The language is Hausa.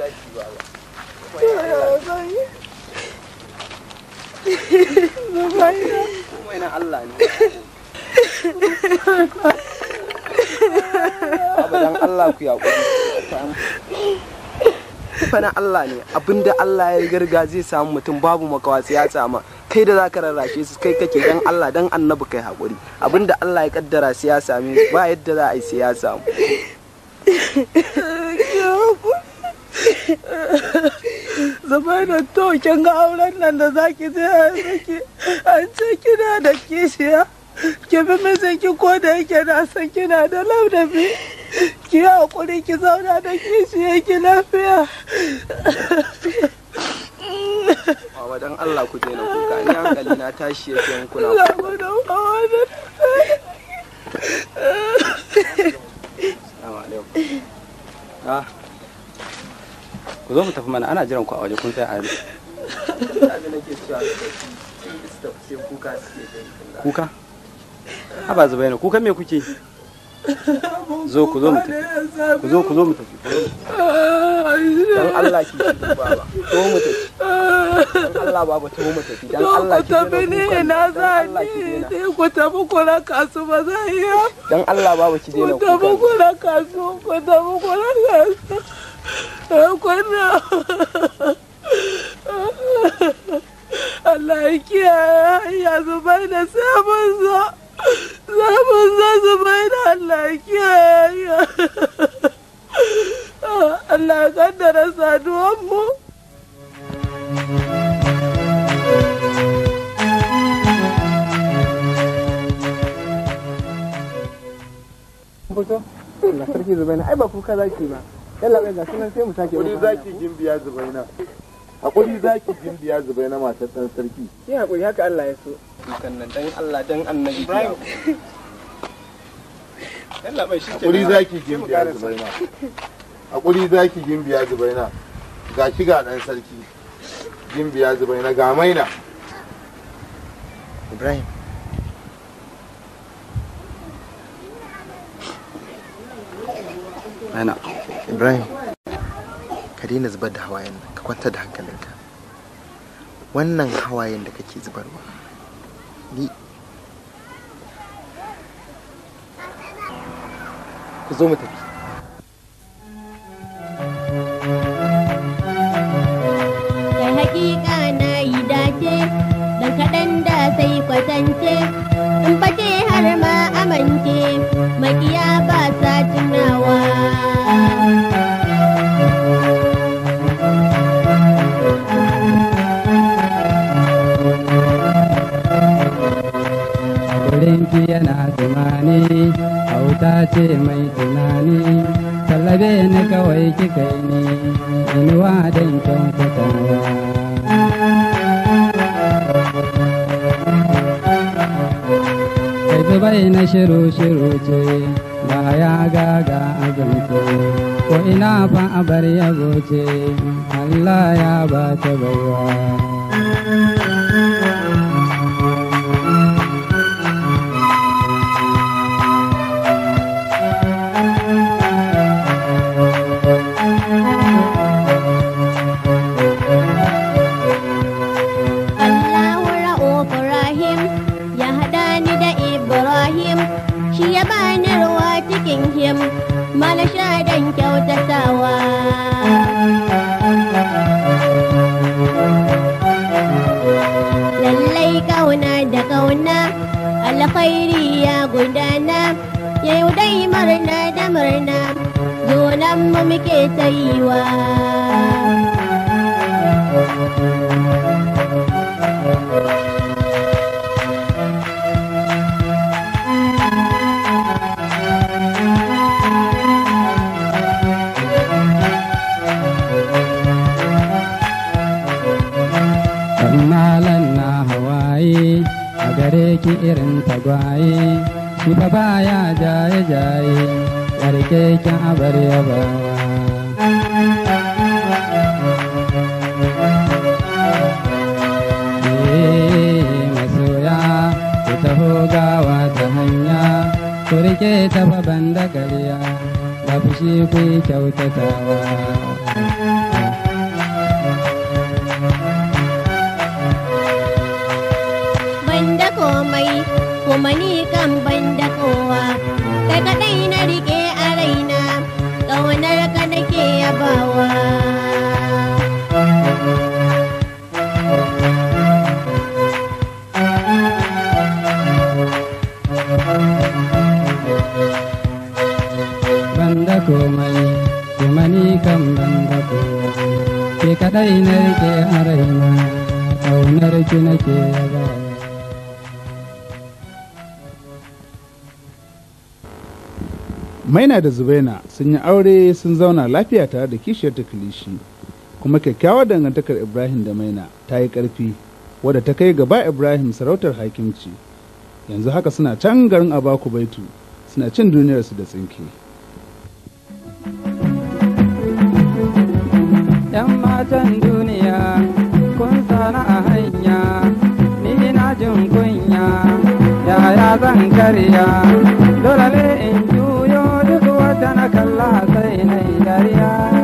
zaki Allah ne ya abinda Allah ya garga zai samu mutum babu makawa ya sama kai da zaka rarrashe su kai kake dan Allah dan annabi kai hakuri abinda Allah ya kaddara siyasa ya ba yadda za a yi siyasa. ya da to kin ga auren nan da zaki je a saki an ce kina da kishiya ki bi mijinki ko da yake na san kina da laudabi ki yi hakuri ki zauna da kishiya ki lafiya Mama dan Allah ku je na kuka ni hankali na tashi ya yin kula. Zamu Ah. ku zo ku tafi mana ana jiran ku a waje kun tsaya a kuka a ba zubaina kuka me kuke zo ku zo mu tafi ku zo ku zo mu tafi dan Allah ki baba ko mu tafi dan Allah baba to mu tafi dan Allah ki tafi ne na zani sai ku tafi ku na kasu ba zai ya dan Allah baba ki je na ku tafi ku na kasu ku tafi ku na kasu kwanna Allah ya kiyaye ya zubai da sabon zo sabon zo zubai da Allah ya kiyaye Allah ya kaddara saduwan mu Buka, Allah karki zubai na ai ba kuka zaki ba. Yallaɓe bai ga sunan sai mu sake hakuri zaki gimbiya zubaina hakuri zaki gimbiya zubaina matar dan sarki sai hakuri haka Allah ya so sannan dan Allah dan annabi Ibrahim yalla bai shi hakuri zaki gimbiya zubaina hakuri zaki gimbiya zubaina gashi ga dan sarki gimbiya zubaina ga maina Ibrahim Maina. ibrahim ka daina zubar da hawayen nan ka kwanta da hankalinka wannan hawayen da kake zubarwa ni ku zo mu tafi ce mai tunani tallabe ni kawai kika yi ni inuwa don kyautatawa kai bai na shiru-shiru ce ba ya gaga azanto ko ina fa abar yabo ce Allah ya ba ta bayyana zauna da ƙauna alkhairi ya gudana ya yi dai murna da murna zonan mu muke ta yi wa tagwaye baya jaye jaye tsarkeken abar yabawa eh, masoya ku taho gawa ta hanya ku rike ta fa banda gariya fushi ku kyautatawa kuma kan ban da kowa kai kadai na rike a raina ƙaunar ka nake yabawa banda komai kuma ni kan banda komai ke kadai na rike a raina ƙaunar ki nake yabawa maina da zubaina sun yi aure sun zauna lafiya tare da kishiyar ta kilishi kuma kyakkyawar dangantakar ibrahim da maina ta yi ƙarfi wadda ta kai gaba ibrahim sarautar hakimci yanzu haka suna can garin abaku baitu suna cin duniyar su da tsinke yan matan duniya kun sana a hanya ni na jin kunya yaya zan karya dole ne in na kalla kai na dariya